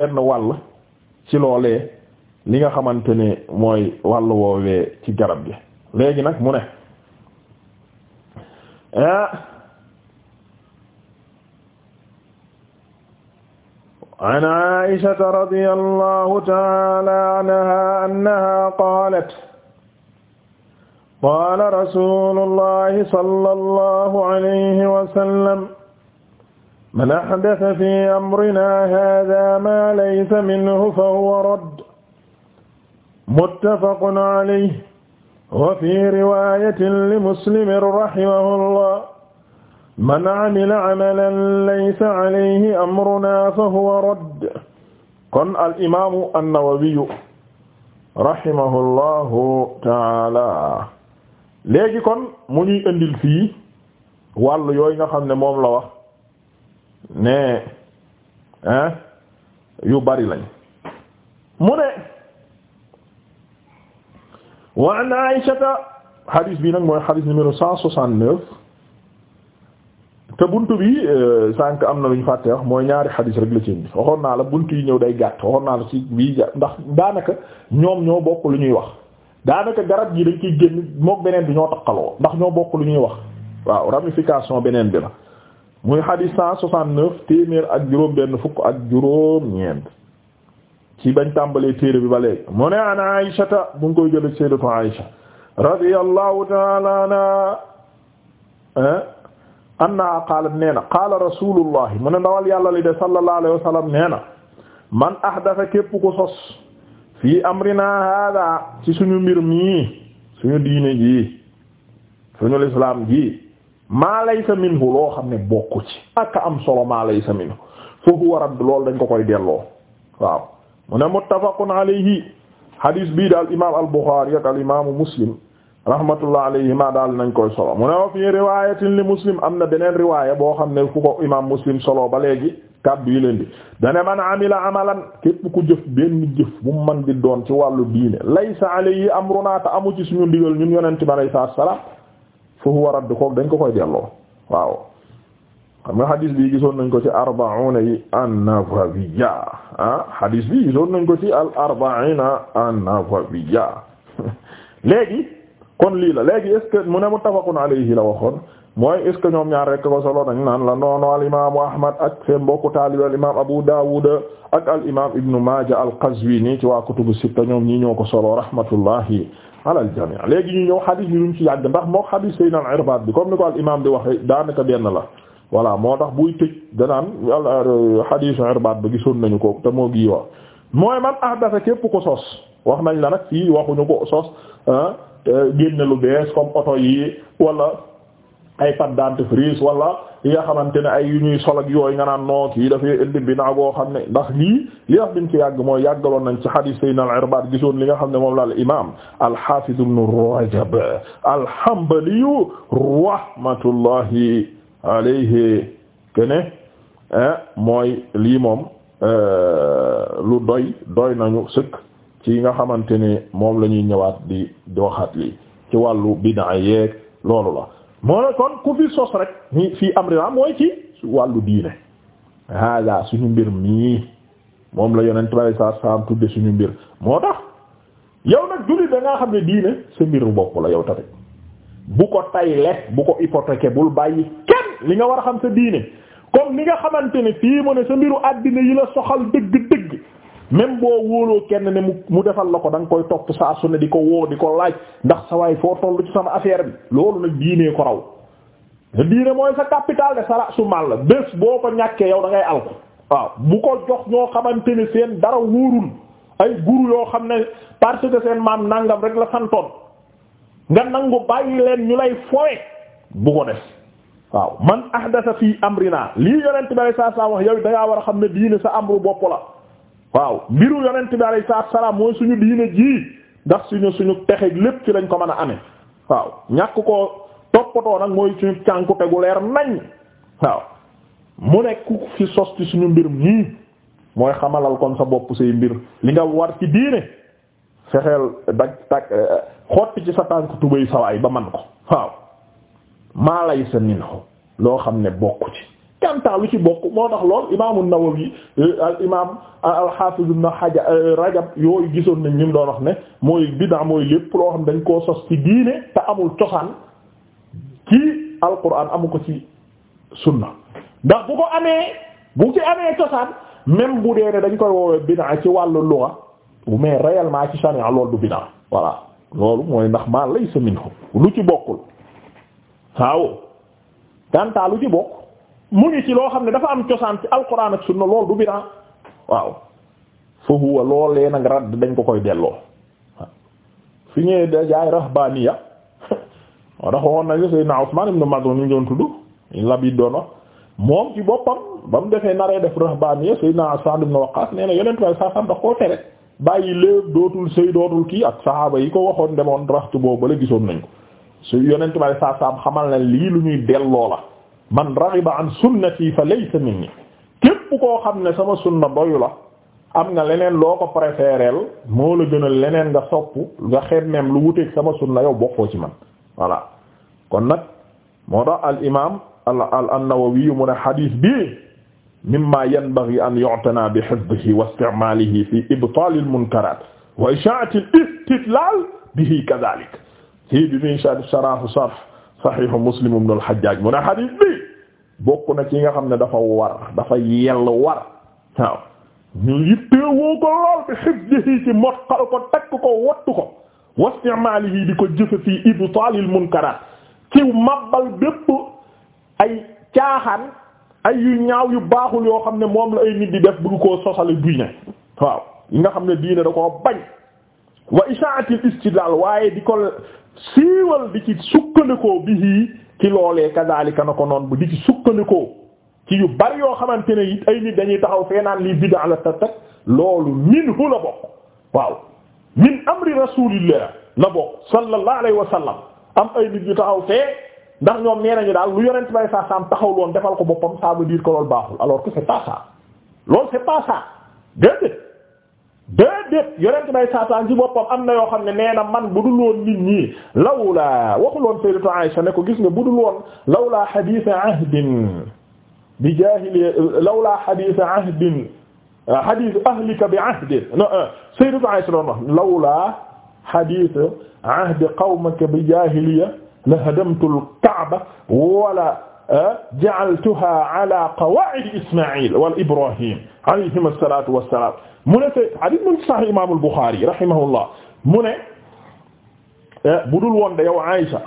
benn wàll ci loolee li nga xamante ne mooy wàll woowee ci garab gi léegi nag mu ne ah, an aishata radiyallahu ta'ala anha annaha qalat qala rasulullahi sallallahu alayhi wa sallam man ahdatha fi amrinaa haadhaa maa laysa minhu fahuwa radd muttafaqun alayhi wa fii riwaayatin limuslimin rahimahullah man amila amalan laysa alayhi amrunaa fahuwa radd kon al imaamu an-Nawawiyu rahimahullahu taala léegi kon mu ñuy indil fii wàllu yooyu nga xam ne moom la wax. ne hein yu bari lañ mu ne wa an aishata xadis bii nag mooy xadis numéro cent soixante neuf te bunt bi euh, sànq am na lu ñu fàtte wax mooy ñaari xadis rek la ci waxoon naa la bunt yi ñëw day gàtt waxoon naa la ci bii gàtt ndax daanaka ñoom ñoo bokk lu ñuy wax daanaka garab gi dañ ciy génn mook beneen bi ñoo taqaloo ndax ñoo bokk lu ñuy wax waaw ramification beneen bi la muy xadis cent soixante-neuf téeméer ak benn fukk ak juróom ñeent ci bañ tàmbalee téere bi ba léegi an aïshata bu ngi koy jële sayyidatu aïsha radiyallahu ta'ala anha anna qaalat nee na qaala rasulullahi mu ne ndawal yàlla li de sallallahu alayhi man ahdatha képp ku sos fii amrina hada ci suñu mbir mi suñu diine jii suñu lislaam jii maa laysa minhu loo xam ne bokku ci ak am solo maa laysa minhu fa huwa radd loolu dañ ko koy delloo waaw mu ne muttafaqun alayhi hadis bii daal imam al Bukhari ak al imaamu Muslim rahmatullah maa daal nañ koy solo mu ne wa fii riwayatin li Muslim am na beneen riwaaya boo xam ne fu ko imam Muslim solo ba léegi kàddu yi leen di dane man amila amalan képp ku jëf benn jëf bu man di doon ci wàllu diine laysa alayhi amrunaa ta amu ci suñu ndigal ñun yonente bi alayhi salaam fa huwa radd kook dañ ko koy delloo waaw xam nga hadis bi gisoon nañ ko ci arba'una yi an-Nawawiyya ah hadis bi gisoon nañ ko ci al arba'ina an-Nawawiyya léegi kon lii la léegi est ce que mu ne muttafaqun alayhi la waxoon mooy est ce que ñoom ñaar rekk ko solo dañ naan la noono al imam Ahmad ak seen mbokku taalibe al imam Abu Dawud ak al imam Ibn Maaja al-Qazwini ci waa kutubu sitta ñoom ñi ñoo ko solo rahmatullahi ala al jami' léegi ñu ñëw xadis bi duñ ci yàgg ndax moo xadis Sayyid al-Irbaad bi comme ni ko al imaam di waxee daanaka benn la voilà moo tax buy tëj danaan al euh, xadisu Irbaad bi gisoon nañu ko te moo gi wax mooy man ahdasa képp ko sos wax nañ la nag fii waxuñu ko sos génne lu bees comme oto yi wala ay pat dentifrice wala yi nga xamante ne ay yu ñuy sol ak yooyu nga naan noo kii dafay indi binaa goo xam ne ndax lii li wax biñ ci yàgg mooy yàggaloon nañ ci hadis sayyidina al-Irbad gisoon li nga xam ne moom la al imam al-Hafiz ibn Rajab al-Hanbali rahmatullahi alayhi kene eh, mooy lii moom eh, lu doy doy nañu sëkk ci nga xamante ne moom la ñuy ñëwaat di doxaat lii ci wàllu bid'a yeek loolu la moo ne kon ku fi sos rek ni fii amrina mooy ci wàllu diine hada suñu mbir mii moom la yonent bi saa saam tudde suñu mbir moo tax yow nag jullit da xam ne diine sa mbir bopp la yow tamit bu ko tayle bu ko hypothéquer bul bàyyi kenn li nga war a xam sa diine comme li nga xamante ne fii mu ne sa mbiru àddina yi la soxal dëgg même boo wóoloo kenn ne mu mu defal la ko da koy topp saa su ne di ko woo di ko laaj ndax sa waay foo tollu ci sama affaire bi loolu nag diinee ko raw diine mooy sa capital de sara su mal la bés boo ko ñàkkee yow da ngay waaw bu ko jox ñoo xamante ne seen dara wóorul ay guru yoo xam ne parce que seen maam nangam rek la santoon nga nangu bàyyi leen ñu lay fowe bu ko def waaw man ahdasa fi amrina lii yonent bi saa saa wax yow da xam ne diine sa amru bopp la waaw mbiru yonent bi alayhi salaatu wa salaam mooy suñu diine ji ndax suñu suñu texeeg lépp ci lañ ko mën a amee waaw ñàkk ko toppatoo nag mooy suñu cànku tegu leer nañ waaw mu nekk fi sos ci suñu mbir mii mooy xamalal kon sa bopp say mbir li nga war ci diine fexeel daj tak eh, xotti ci sa tànk tubéy sawaay ba man ko waaw maa lay sa minhu loo xam ne bokku ci kantaa lu ci bokk moo tax lool imaamu Nawawi euh, al imaam euh, al-Hafiz ibn euh, Rajab yooyu gisoon nañ ñim doon wax ne mooy bid'a mooy lépp loo xam dañ koo sos ci diine te amul cosaan ci alquran amu ko ci sunna ndax bu ko amee bu ci amee cosaan même bu dee ne dañ koy woowee bid'a ci wàllu lugha mais réellement ci sharia loolu du bid'a voilà loolu mooy ndax maa laysa minhu lu ci bokkul waaw kantaa lu ci bokk mu ngi ci loo xam ne dafa am cosaan ci alquran ak sunna lool du bidaa waaw fa huwa loolee nag radd dañ ko koy delloo fi ñëwee da jaay rahbaniya waaw dafa woon nag Seydina Usman ibn Maz'un ñu doon tudd Labid doon wax moom ci boppam ba mu defee naree def rahbaniya Seydina Sa'd ibn Waqqas nee na yeneen tubaab saa sam ndax koo tere bàyyi léeb dootul sëy dootul kii ak saxaaba yi ko waxoon demoon raxtu boobu ba la gisoon nañ ko su yeneen saa sam xamal na lii lu ñuy delloo la. man raghiba an sunnati fa laysa minni képp koo xam ne sama sunna doyu la am nga leneen loo ko préféreel moo la gënal leneen nga sopp nga xemmeem lu wuteeg sama sunna yow bokkoo ci man voilà kon nag moo tax al imam al al an-Nawawi mu ne xadiis bi mimma yanbaghi an yu'tana bi hifdhihi wa isti'malihi fi ibtal al munkarat wa isha'at al istidlal bihi kadhalik ci bi min sharh saxiixu muslim ibn al-Hajjaj mu ne xadiis bi bokk na ci nga xam ne dafa war dafa yell war waaw ñu yittewoo ko lool bi hifdihi ci mottal ko takk ko wattu ko wa istimaalihi di ko jëfe fii ibtaalil munkaraat ci mabbal bépp ay caaxaan ay yu ñaaw yu baaxul yoo xam ne moom la ay nit di def ko koo sosale diine waaw yi nga xam ne diine da koo bañ wa ishaatil istidlaal waaye di ko siiwal di ci sukkandikoo bihi ci loolee kadaalika na ko noon bu di ci sukkandikoo ci yu bari yoo xamante ne it ay nit dañuy taxaw fee naan lii bid'a la tatak loolu minhu la bokk waaw min amri rasulillah la bokk sallallahu alayhi wa am ay nit yu taxaw fee ndax ñoom nee nañu daal lu yonent bay saa saam taxaw loon defal ko boppam ça veut dire que loolu baaxul alors que c'est pas ça loolu c'est pas ça déedéet yonent bay saataan ci boppam am na yoo xam ne nee na man budul woon nit ñi lawlaa waxul woon sayyidatu Aisha ne ko gis nga budul woon lawlaa hadith ahdin bi jaahili lawlaa hadith ahdin hadith ahlika bi ahdin non eh, sayyidatu Aisha doon wax lawlaa hadith ahdi qawmika bi jaahiliya la hadamtul Kaaba wala ja'altuha ala qawaa'idi Ismaa'il wal Ibrahim alayhim salaatu was-salaam mu ne te hadith mu sahih imaam al-Bukhari rahimahullah mu ne eh, bu dul woon de yow Aïcha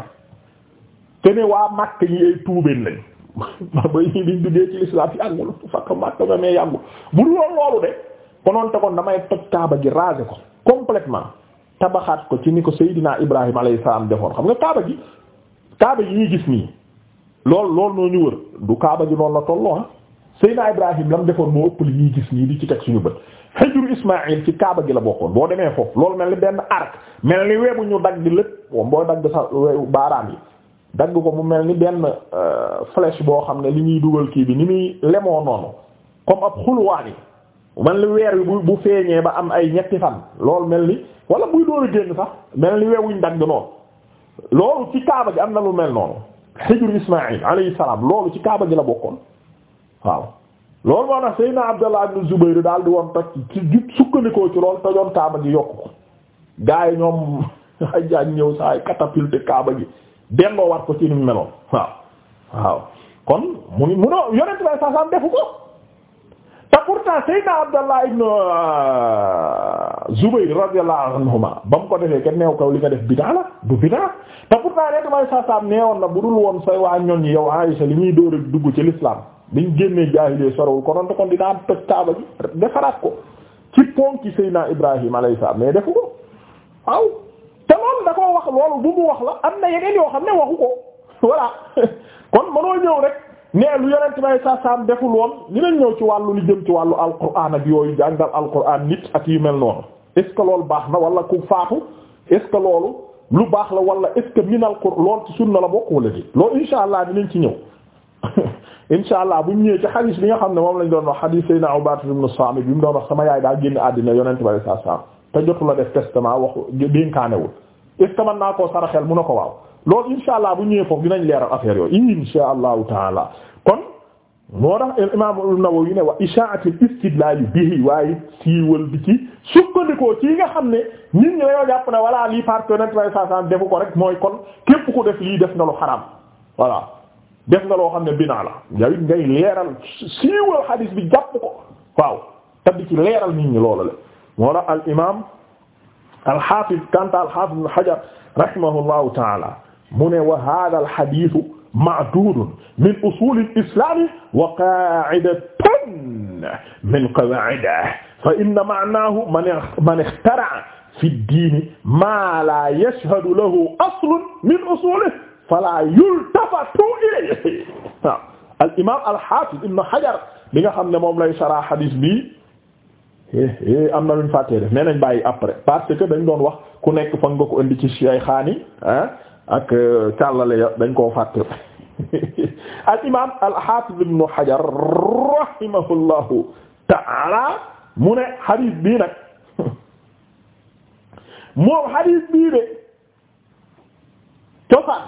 te ne waa Makka ñi ay tuubeen lañ ba ñi biñ duggee ci lislaam yàggul fakk Makka ba mais yàggul bu dul woon loolu de konoon te kon damay toj Kaaba gi raser ko complètement tabaxaat ko ci ni ko Seydina Ibrahima alayhi salaam defoon xam nga Kaaba gi Kaaba gi ñuy gis nii lool lool noo ñu wër du kaaba ji noonu la tolloo ah Seyna Ibrahim lam defoon moo ëpp li ñuy gis nii di ci teg suñu bët xejur Ismaïl ci kaaba gi la bokkoon boo demee foofu loolu mel ni benn arc mel ni webu ñu dagg lépp moom booy dagg sa wewu baaraam yi dagg ko mu mel ni benn euh, flèche boo xam ne li ñuy dugal kii bi ni muy lemoo noonu comme ab xulwaan yi mel ni weer wi bu bu feeñee ba am ay ñetti fan loolu mel ni wala muy door a génn sax mel ni wewuñ dagg noonu loolu ci kaaba gi am na lu mel noonu xijru Ismaïl alayhi salaam loolu ci Kaaba gi la bokkoon waaw loolu moo tax Seydina Abdallah ibn Zubayr daal di woon toj ci sukkandikoo ci loolu tojoon Kaaba gi yokku ko gaa yi ñoom Hajjaaj ñëw saa yi catapulté Kaaba gi delloo wat ko ci ni mu meloon waaw waaw kon mu ngi munoo yonent bi sallallahu alayhi wasallam ko. te pourtant Seydina Abdallah ibn euh, Zubayr radiyallahu anhuma ba mu ko defee kenn neew kaw li nga def bid'a la du bid'a te pourtant rek may saa bu dul woon say waa ñoon yi yow Aysa li ñuy dóor a dugg ci l'islam biñ génnee jaahiliya sorowul konoon te kon dinaa toj Kaaba ji defaraat ko ci ponki Seydina Ibrahim alayhi salaam mais defu ko aw te loolu da koo wax loolu bu mu wax la am na yeneen yoo xam ne waxu ko voilà kon mënoo ñëw rek. mais lu yonent bay saasaam deful woon dinañ ñëw ci wàllu li jëm ci wàllu alquran ak yooyu jàngal alquran nit ak yu mel noonu est ce que baax na wala ku faatu est loolu lu baax la wala est ce que min alquran lool ci sunna la bokk wala di loolu insha allah dinañ ci ñëw insha allah bu ñu ñëwee ci xadiis bi nga xam ne moom lañ doon wax xadiis Seydina Ubaat ibn Saamit bi mu doon wax sama yaay daa génn àddina yonent bay saasaam te jotu la def testament waxu dénkaanewul est ce que mën mu na ko waaw loolu insha allah bu ñëwee foofu dinañ leeral affaire yooyu insha allahu taala kon moo tax imam an-Nawawi ne wa isha'atil istidlal bihi waaye siiwal bi ci sukkandikoo ci nga xam ne nit ñi dañoo jàpp na voilà lii parce que Yonent defu ko rek mooy kon képp ko def lii def nga lu xaram voilà def nga loo xam ne binaa la yow it ngay leeral siiwal xadiis bi jàpp ko waaw tabbi ci leeral nit ñi loolu la moo tax al imam al hafiz kanta Hajar rahimahullahu mu ne wa hada al hadith ma'dud min usul al islam wa qa'idatun min qawa'idih fa inna ma'nahu man ikhtara'a fi ad-din ma la yashhadu lahu aslun min usulihi fala yultafatu ilayhi al imam al hafiz ibn hajar bi nga xam ne moom lay sarah hadith bi eh, eh, am na luñ fàttee def nee nañ bàyyi après parce que dañ doon wax ku nekk fan nga ko indi ci Cheikh xaani ah ak euh, càllale ya dañ koo fàtte al imam al hafiz ibn hajar rahimahullahu ta'ala mu ne hadith bii nag moom hadith bii de cosaan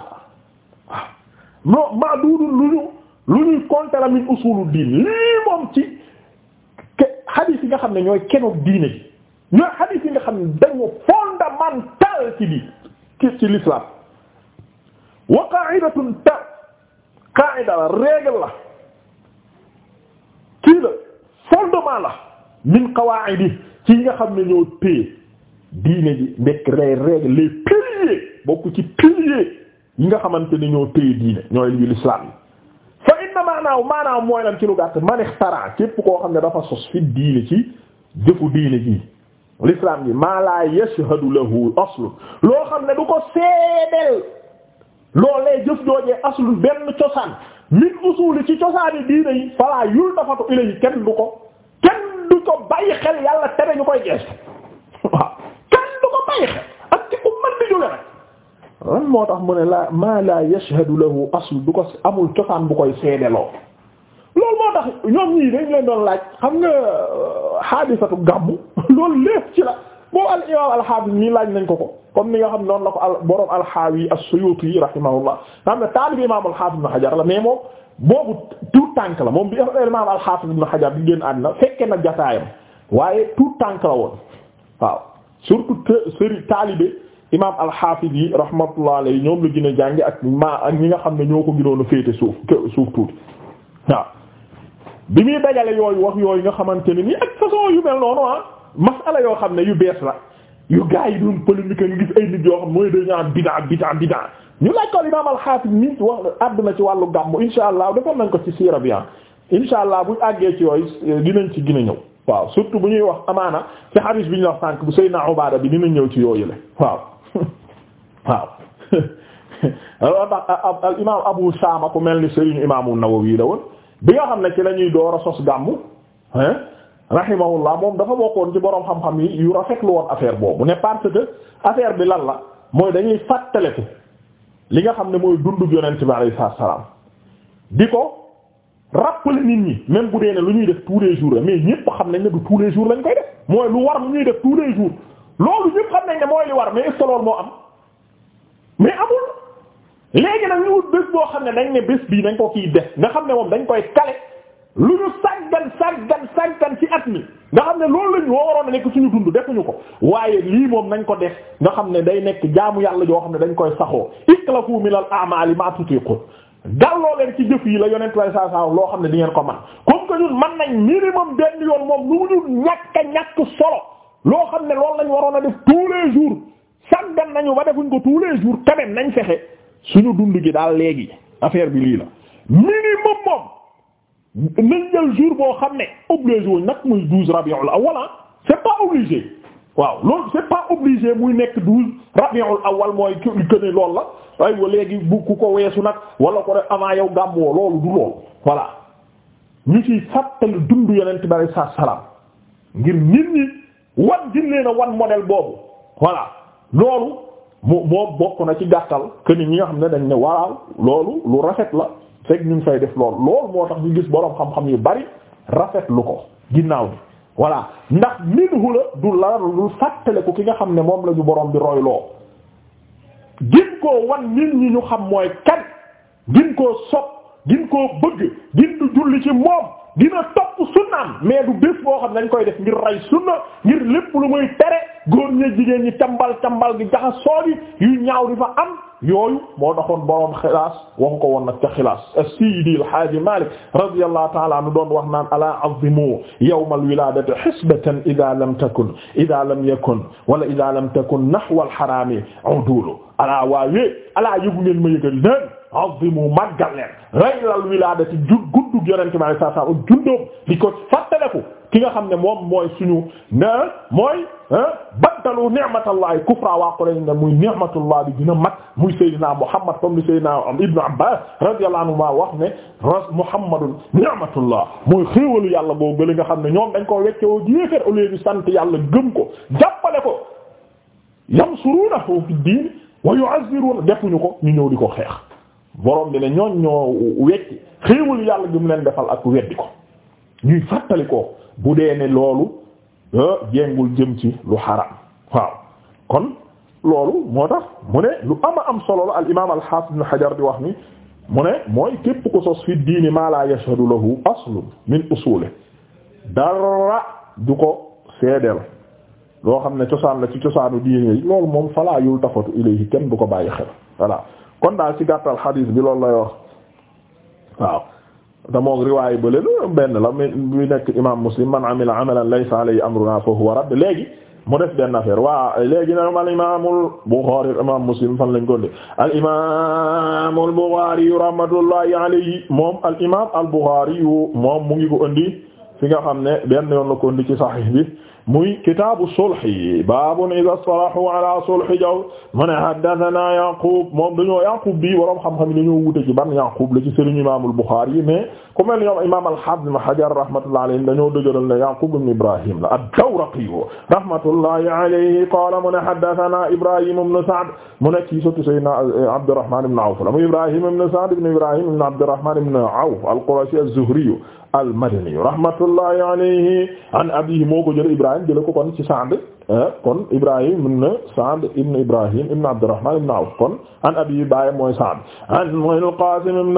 waaw no madudu lu ñuy compter min usulu diin lii moom ci hadith yi nga xam ne ñooy kenoog diine ñooy hadith yi nga xam ne dañu fondamental ci bi ci ci l'islam wa qa'idatun ta qa'ida la règle la kii la fondement la min qawaa'idi ci nga xam ne ñoo téye diine ji nekk les règles les bokk ci piliers yi nga xamante ne ñoo téye diine ñooy li l'islam yi fa inna maanaaw maanaaw mooy lan ci lu gàtt man ixtara képp koo xam ne dafa sos fi diine ci jëfu diine ji l'islam ji maa la yashhadu lahu aslu loo xam ne du ko seedeel loolee jëf joojee aslu benn cosaan min usuli ci cosaani diine yi falaa yul dafatu ilayi kenn du ko kenn du ko bàyyi xel yàlla tere ñu koy gees waaw kenn du ko bàyyi xel ak ci ku mën di jóge rek lan moo tax mu ne la maa la yashhadu lahu aslu du ko amul cosaan bu koy seedeloo loolu moo tax ñoom ñii dañ leen doon laaj xam nga euh, xaadisatu gàmmu loolu lépp ci la boo al imam al laaj nañ ko ko comme ni nga xam noonu la ko al borom alxaawi as-Suyuti rahimahullah nga xam ne taalibi imaam al-Hafiz Ibn la mais moom boobu tout tànk la moom bi imaam al-Hafiz Ibn Hajar bi génn na jataayam waaye tout tànk la woon waaw surtout seri taalibe imaam al-Hafiz yi rahmatullah alayhi ñoom la gën a jànge ak ma ak ñi nga xam ne ñoo ko gënoon a féete suuf suuf tuuti waaw bi muy dajale yooyu wax yooyu nga xamante ne nii ak façon yu mel noonu ah masala yoo xam ne yu bees la yu gars yi doon polémique nga gis ay nit yoo xam mooy dañu naan bid'a bid'a ñu laaj ko imaam al-Hafiz mi wax àdduna ci wàllu gàmmu insha allah defoon nañ ko ci siira bi ah. insha allah buñ àggee ci yooyu dinañ ci gina a ñëw waaw surtout bu ñuy wax amaana ci hadith bi ñu wax sànk bu Seydina Ubaada bi na ñëw ci yooyu la waaw waaw alors al imaam Abu Saama ku mel ni Serigne imaamu Nawawi la woon bi nga xam ne ci la ñuy door a sos gàmmu rahimahullah moom dafa bokkoon ci boroom xam-xam yi yu rafetlu woon affaire boobu ne parce que affaire bi lan la mooy dañuy fàttaliku li nga xam ne mooy dundu yonent bi alayhi salaam di ko la nit ñi même bu dee ne lu ñuy def tous les jours la mais ñépp xam nañ ne du tous les jours lañ koy def mooy lu war lu ñuy def tous les jours loolu ñépp xam nañ ne mooy li war mais est-ce que loolu moo am mais amul léegi nag ñu wut bés boo xam ne dañ ne bés bii dañ ko kiy def nga xam ne moom dañ koy kale. lu ñu sàggan sàggan sàggan ci at mi nga xam ne loolu lañu woo waroon a nekk suñu dund defuñu ko waaye lii moom nañ ko def nga xam ne day nekk jaamu yàlla joo xam ne dañ koy saxoo iklafu min al a'mali ma tutiqu gàlloo leen ci jëf yi la yonent way saa loo xam ne di ngeen ko man comme que ñun man nañ minimum benn yoon moom lu ñu ñàkk a ñàkk solo loo xam ne loolu lañ waroon a def tous les jours sàggan nañu ba defuñ ko tous les jours quand nañ fexe suñu dund gi daal léegi affaire bi lii nañ jour boo xam ne obligé wuñ nag muy douze rabiul awwal ah c'est pas obligé waaw loolu c'est pas obligé muy nekk douze rabiul awwal mooy que ne loolu la aywa léegi bu ku ko weesu nag wala ko def avant yow gàmmoo loolu du loolu voilà ñu ciy fàttali dund yonent bi alayhi salaam ngir nit ñi wan gin leen wan modèle boobu voilà loolu moo moo bokk na ci gàttal que ni ñi xam ne dañ ne waaw loolu lu rafet la. fekk ñu ngi fay def lool lool moo tax ñu gis boroom xam-xam yu bari rafet lu ko ginnaaw bi voilà ndax minhu la du la du fàttale ko ki nga xam ne moom la ñu boroom bi royloo gin koo wan nit ñi ñu xam mooy kan gin koo sopp gin koo bëgg gin du julli ci moom dina topp sunnaam mais du bés boo xam ne dañ koy def ngir rey sunna ngir lépp lu muy tere góor ñi jigéen ñi cambal cambal gi jaxasoo gi yu ñaaw di fa am yooyu moo taxoon boroom xilaas waxu ko woon nag ca xilaas as-Sidi al-Haaji Malik radiyallahu ta'ala anhu doon wax naan ala azimu yawm al-wiladati hisbatan idha lam takun idha lam yakun wala idha lam takun nahwa al-harami udulu ala waaye ala yëgu ngeen ma yëgal leen azimu màggal leen raylal wiladati guddug yonente bi sallallahu alayhi wasallam jundóom di ko fàttaleku ki nga xam ne moom mooy suñu na mooy baddalu ni'matallahi kufra waa Quraysh ne muy ni'matullah bi dina mat muy Seydina Muhammad comme li Seydina Ibnu Abbaas radiyallahu anhu maa wax ne ras Muhammadun ni'matullah mooy xéewalu yàlla boo gële nga xam ne ñoom dañ koo weccewoo jéeféer au lieu sant yàlla gëm ko jàppale ko yamsurunahu fi diin wa yu'azziruna defuñu ko ñu ñëw di ko xeex borom bi ne ñooñ ñoo wecc xéewalu yàlla gi mu leen defal ak weddi ko ñuy fàttali ko bu dee ne loolu euh, jéngul jëm ci lu xaram waaw kon loolu moo tax mu ne lu ama am solo la al imaam al haafid ibn hajar di wax ni mu ne mooy képp ko sos fi diini maa laa yashhadu lahu aslun min usuli dara du ko seedeel loo xam ne cosaan la ci cosaanu diine yi loolu moom falaa yultafatu ilayhi kenn du ko bàyyi xel voilà kon daal ci gàttal xadiis bi loolu lay wax waaw te moom riwaayu bële la benn la muy nekk imaam muslim man amila amalan laysa alayhi amruna fa huwa radd léegi mu def benn affaire waa léegi nag al imaamul Buxaari imaam muslim fan lañ ko def al imaamul Buxaari rahmatullahi alayhi moom al imaam al Buxaari moom mu ngi ko indi fi nga xam ne benn yoon la ko indi ci Sahih bi. muy kitaabu sulhi baabun idaa salahu ala sulhi jaw mu ne haddathana Yaqub moom dañoo Yaqub bi waroom xam-xam yi dañoo wute ci ban Yaqub la ci sëriñ imaamul Buxaari yi mais ku mel ñoom imaam al-Hafiz Ibn Hajar rahmatullahi alayhi dañoo dëgëral ne Yaqub ibn Ibrahim la ad-Dawraqi rahmatullahi alayhi qaala mu ne haddathana Ibrahim ibn Sa'd mu ne ci sotti sayyidina Abdurrahman ibn Awf la mu Ibrahim ibn Sa'd ibn Ibrahim ibn Abdurrahman ibn Awf al-Qurashi az-Zuhri al-Madani rahmatullahi alayhi an abiihi moo ko jël Ibrahim Ibrahim jële ko kon ci Sa'd kon Ibrahim mën na Sa'd ibn Ibrahim ibn Abdurrahman ibn Awf kon an abi baay mooy Sa'd an mooy al-Qasim ibn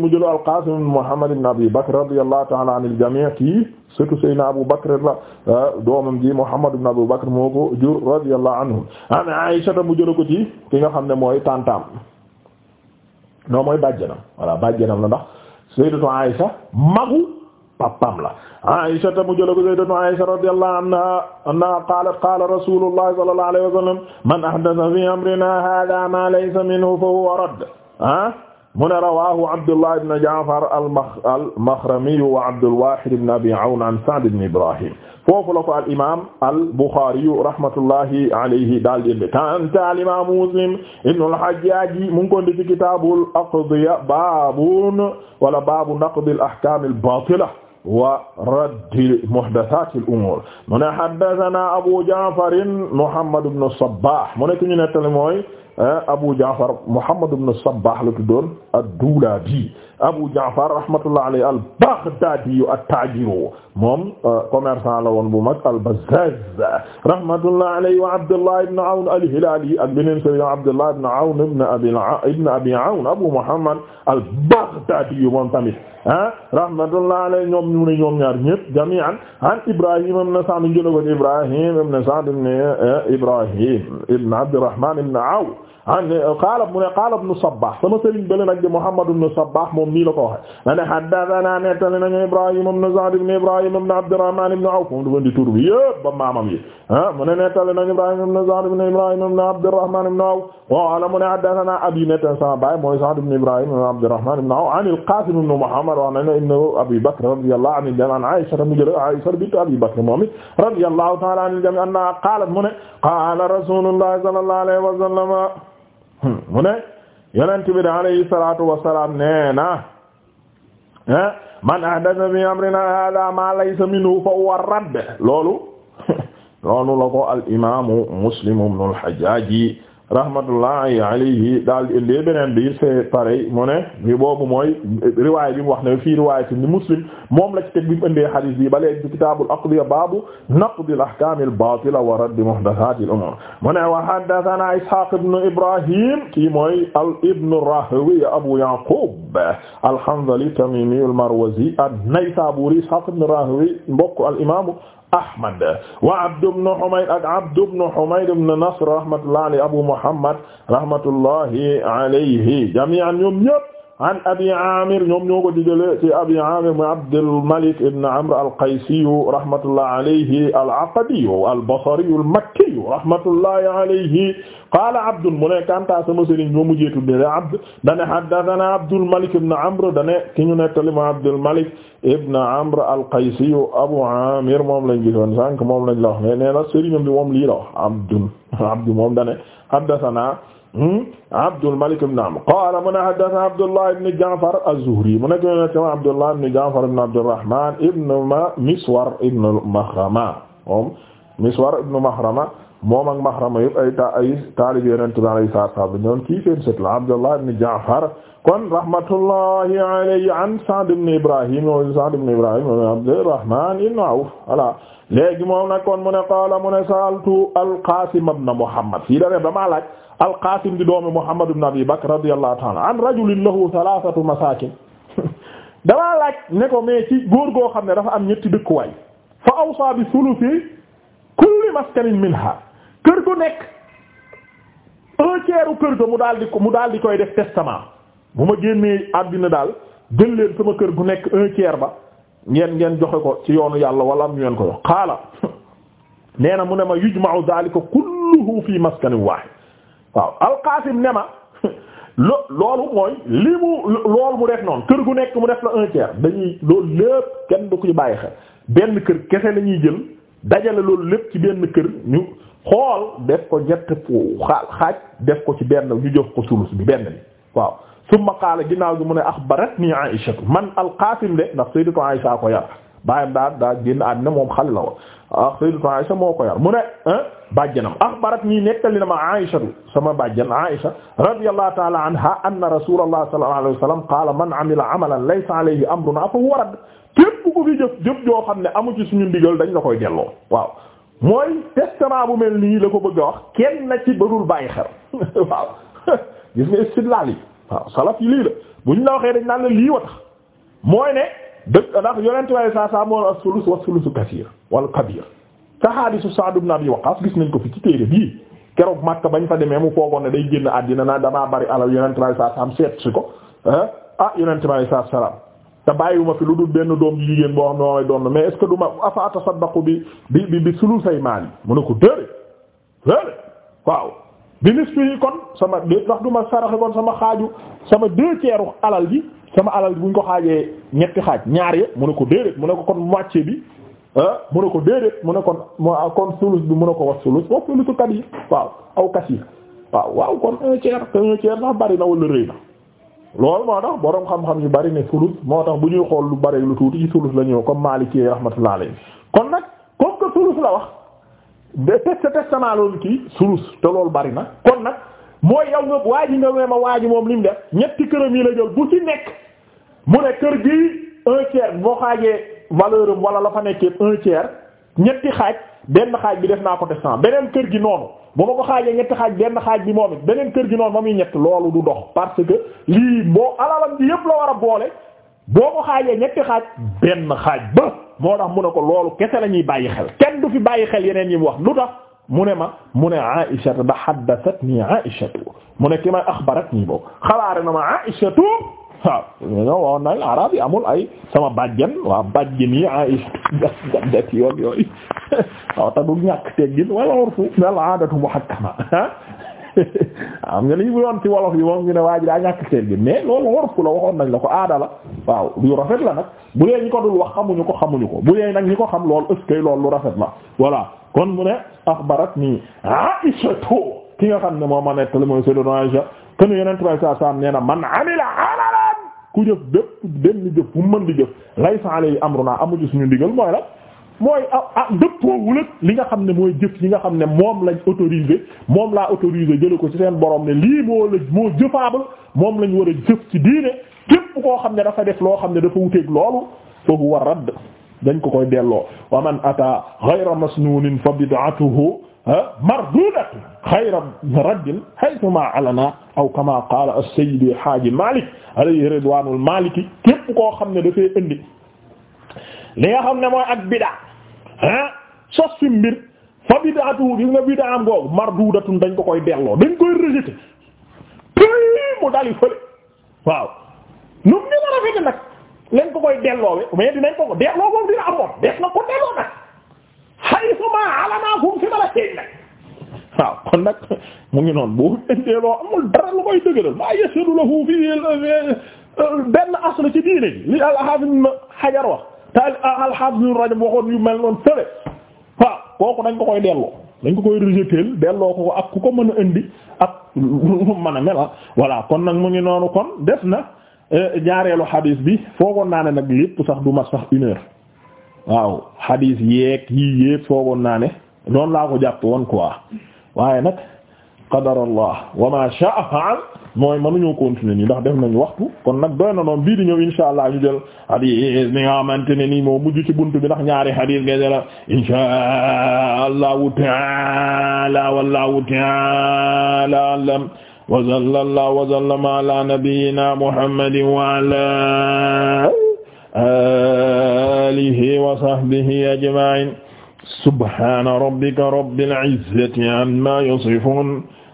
mu jëlu al-Qasim ibn Muhammad ibn Abi Bakr radiyallahu ta'ala anil jami' kii surtout Seydina Abu Bakr la doomam ji Muhammad ibn Abu Bakr moo ko jur radiyallahu anhu an Aisha mu jële ko ci ki nga xam ne mooy tantam non mooy bàjjanam voilà bàjjanam la ndax Sayyidatu Aisha magu papam la Aisha ta mu jëla ko sayyidatu Aisha radiyallahu anha anna qalat qala rasulullah sallallahu alayhi wa sallam man ahdatha fi amrina hadha ma laysa minhu fa huwa radd ah mu ne rawahu Abdullah ibn Ja'far al-Makhrami wa Abdul-Wahid ibn Abi Awn an Sa'd ibn Ibrahim foofu la ko al imaam al Bukhari rahmatullahi alayhi daal di indi kanta al imaam Muslim ibn al-Hajjaj mu ngi ko indi ci kitaabul aqdiya baabun wala baabu naqdil ahkaamil baatila wa raddi muhdathaatil umuur mu ne haddathanaa Abu Ja'far Muhammad ibn Sabbaah mu ne ki ñu nettali mooy eh, Abu Ja'far Muhammad ibn Sabbaah la tuddoon ad-Duulaabi Abu Ja'far rahmatullah alayhi al-Baghdadi at-Tajiru moom euh, commerçant la woon bu mag al-Bazzaz rahmatullah alayhi wa Abdullah ibn Awn al-Hilali ak beneen sëriñ Abdullah ibn Awn ibn Abi ibn Abi Awn Abu Muhammad al-Baghdadi moom tamit ah rahmatullah alayhi ñoom ñu ne ñoom ñaar ñëpp jami'an an Ibrahim ibn Sa'd jëloon Ibrahim ibn Sa'd ibn eh, Ibrahim ibn Abdurrahman ibn Awn an ah euh, qaala mu ne qaala ibnu Sabbah sama sëriñ bële nag di Muhammad ibnu Sabbah moom nii la ko waxe ma ne haddathana nettali nañu Ibrahim ibnu Sa'd ibnu Ibrahim ibnu Abdurrahman ibnu Awf moom dafa di tur bi yëpp ba maamam yi ah mu ne nettali nañu Ibrahim ibnu Sa'd ibnu Ibrahim ibnu Abdurrahman ibnu Awf qaala mu ne haddathana abi nettali sama baay mooy Sa'd ibnu Ibrahim ibnu Abdurrahman ibnu Awf an al-Qasim ibnu Muhammad wa an ibnu Abi Bakr radiyallahu anhu an Aisha mu jël Aisha bint Abi Bakr moom it radiyallahu ta'ala anha anna qaalat mu ne qaala Rasulullah sallallahu alayhi wa sallam Hmm. mu ne yonent bi da alayhi salaatu wassalaam nee na eh, man ahdatha fi amrina hada ma laysa minhu fa huwa radd loolu loolu la ko al imaamu muslim ibnul hajjaaji rahmatullahi alayhi daal di bi mu ne bi boobu mooy riwaay wax ne fii riwaayati ni muslim moom la ci teg bi mu indee xadiis bi ba léegi ci kitaabul aqdiya baabu naqdil ahkaamil baatila wa raddi muhdasaatil umuur mu ne wa haddasanaa Ishaaq ibn Ibraahiim kii mooy al ibn Rahawayh Abu Yaquub al-Hanzali at al-Marwazi an-Naysaabuuri Ishaaq ibn Rahawayh mbokk al imaamu Ahmad wa Abd ibn Humayd ak Abd ibn Humayd ibn Nasr rahmatullahi alayhi Abu Muhammad rahmatullahi alayhi jami'an ñoom ñépp an abi amir ñoom ñoo ko dijële ci abi amir mu abdulmalik ibn amr alqaysiyu rahmatullah alayhi alaqadiyu albasariyu almakkiyu rahmatullahi alayhi qaala abdul mu ne kanta sama sëriñ ñoo mujjee tudde abd dane haddathana abdulmalik ibn amr dane ki ñu nettali ma abdulmalik ibn amr alqaysiyu abu amir moom lañ gisoon sànq moom lañ la wax ne nee na sëriñam bi moom lii la wax abdul abdul moom dane haddathana Hmm? Abdul Malik ibn Amr qaala mu ne haddathana Abdullah ibn Ja'far az-Zuhri mu nekk na sama Abdullah ibn Ja'far ibn Abdurrahman ibn Miswar ibn Makhrama moom Miswar ibn Makhrama moom ak maxrama yëpp ay ta ay taalib yonent bi alayhi salaatu wa salaam ñoom kii seen sët la Abdullah ibn Ja'far kon rahmatullahi alayhi an Sa'd ibn Ibrahim wa Sa'd ibn Ibrahim wa Abdurrahman ibn Awf voilà léegi moom nag kon mu ne qaala mu ne sa'altu al-Qasim ibn Muhammad fii da damaa laaj al-Qasim di doomi Muhammad ibn Abi Bakr radiyallahu ta'ala an rajulin lahu thalathatu masakin damaa laaj ne ko mais ci góor goo xam ne dafa am ñetti dëkkuwaay fa awsa bi thuluthi kulli maskanin minha kër gu nekk un tiers kër ga mu daal di ko mu daal di koy def testament bu ma génnee àddina daal jël leen sama kër gu nekk un ba ngeen ngeen joxe ko ci yoonu yàlla wala am ñu ngeen ko jox xaala nee na mu ne ma yujma'u dhalika kulluhu fi maskanin wahid waaw alqasim ne ma lo loolu mooy li mu loolu mu def noonu kër gu nekk mu def la un dañuy loolu lépp kenn du ko bàyyi xel benn kër kese lañuy jël dajale loolu lépp ci benn kër ñu. xool def ko ñett xaaj def ko ci benn ñu jox ko sulus bi benn bi waaw summa qaala ginnaaw gi mu ne axbaratnii Aysatu man al-Qaasim de ndax sayyidatu Aysa ko yar baayam daal daa génn àddina moom xale la woon ah sayyidatu Aysa moo ko yar mu ne ah bàjjanam axbaratnii nettali na ma Aysatu sama bàjjan Aysa radiyallahu ta'ala anha anna rasuulallahi sallallahu alayhi wa sallam qaala man amila amalan laysa alayhi amrunaa fahuwa radd képp ku fi jëf jëf joo xam ne amu ci suñu ndigal dañ la koy delloo mooy testament bu mel nii la ko bëgg a wax kenn na ci badul bàyyi xel waaw gis nga istidlaal yi waaw salaf yi lii la buñ la waxee dañ naan la lii wa tax mooy ne dëgg ndax yonent waaye saa saa moo as-sulus wa as-sulusu kasiir wal kabiir te xaadisu Sa'd ibn Abi Waqqaas gis nañ ko fi ci téere bii keroog Makka bañ fa demee mu foogoon ne day génn àddina naa damaa bari alal yonent waaye saa saa am seet si ko ah, ah yonent waaye saa te bàyyiwuma fi lu dul benn doom ji jigéen boo xam ne moomay doon mais est-ce que duma afa tasaddaqu bi bi bi bi sulu say maal yi mun a ko déedéet déedéet waaw bi nisfi yi kon sama dé ndax duma saraxe kon sama xaaju sama deux tiers alal bi sama alal bi bu ko xaajee ñetti xaaj ñaar ya mu ne ko déedéet mu ne ko kon moitié bi ah, mu ne ko déedéet mu ne kon kon sulus bi mu ne ko wax sulus wax sulusu kat yi waaw aw kas yi waaw waaw kon un tiers te un tiers naa bari na wala rëy na loolu moo tax borom xam-xam yu bari ne sulus moo tax bu ñuy xool lu bari lu tuuti ci sulus la ñëw comme Maliki rahmatullah alayhi kon nag comme que sulus la wax de test testament kii sulus te loolu bari na kon nag moo yow nga waa ji nga wema waa ji moom li mu def ñetti këram yi la jël bu ci nekk mu ne kër gi un tiers boo xaajee valeur am wala la fa nekkee un tiers ñetti xaaj benn xaaj bi def naa ko te beneen kër gi noonu bu ma ko xaajee ñetti xaaj benn xaaj bi moom it beneen kër gi noonu ma muy ñett loolu du dox parce que lii boo alalam ji yëpp la war a boole boo ko xaajee ñetti xaaj benn xaaj ba moo tax mu ne ko loolu kese la ñuy bàyyi xel kenn du fi bàyyi xel yeneen yi mu wax lu tax mu ne ma mu ne aïshatu ba haddathatni aïshatu mu ne ki may axbaratni boobu xabaare na ma aïshatu waaw ñoo waaw nag arab amul ay sama bàjjen waaw bàjjen yi aïshatu jaddat yoon yooyu waaw te du ñàkk teggin wala urfu wala aadatu muhakkama am nga li bu yoon ci wolof yi moom ñu ne waa ji daa ñàkk teggin mais loolu urfu la waxoon nañ la ko aada la waaw lu rafet la nag bu dee ñi ko dul wax xamuñu ko xamuñu ko bu dee nag ñi ko xam lool est-ce lu rafet la voilà kon mu ne axbarat nii Aïshatu ki nga ne moo ma nettali mooy Sayyidatu Aïsha nee na man amila amalan ku jëf bépp benn jëf bu mën di jëf laysa alayhi amruna amuñu suñu ndigal mooy la mooy ah dëppoowul ak li nga xam ne mooy jëf yi nga xam ne moom lañ autorisé moom laa autorisé jële ko ci seen borom ne lii moo la moo jëfaable moom lañ war a jëf ci diine képp koo xam ne dafa def loo xam ne dafa wuteeg loolu foofu war radd dañ ko koy delloo wa man ata ghayra masnunin fa bid'atuhu mardudatun ghayra raddin ma alana aw kama qala as-sayyid haaji malik alayhi ridwanul maliki képp koo xam ne dafay indi li nga xam ne mooy ak bid'a ah sos fi mbir fa bid'atu gis nga bid'am googu mardudatun dañ ko koy delloo dañ koy rejeté pii mu dali fële waaw nu mu ko koy delloowe mais dinañ nag mu ngi noonu boo indee amul dara lu koy dëgëral maa yashhadu lahu fi eh, eh, eh, benn asla ci diine li al-Hafiz Ah, al-Hafiz Ibn Rajab waxoon yu mel noonu fële waaw kooku dañ ko koy delloo dañ ko koy rejeter delloo ko ak ku ko mën a indi ak mën a mel ah. voilà kon nag mu ngi noonu kon def na eh, ñaareelu xadis bi foogoon naa ne nag lépp sax du mat sax une heure waaw xadis yeeg yii yépp foogoon naa ne noonu laa ko jàpp woon quoi waaye nag. qadarallah wa ma sha'a fa'al mooy mënuñoo continuer nii ndax def nañu waxtu kon nag doy na noonu bii di ñëw insha allah ñu jël hadith ni nga xamante ne nii moo mujj ci buntu bi ndax ñaari hadith nga jëla insha allahu taala wallahu taala alam wa sallallahu wa sallama ala nabiyyina muhammadin wa ala alihi wa sahbihi ajma'in subhana rabbika rabbil izzati amma yasifun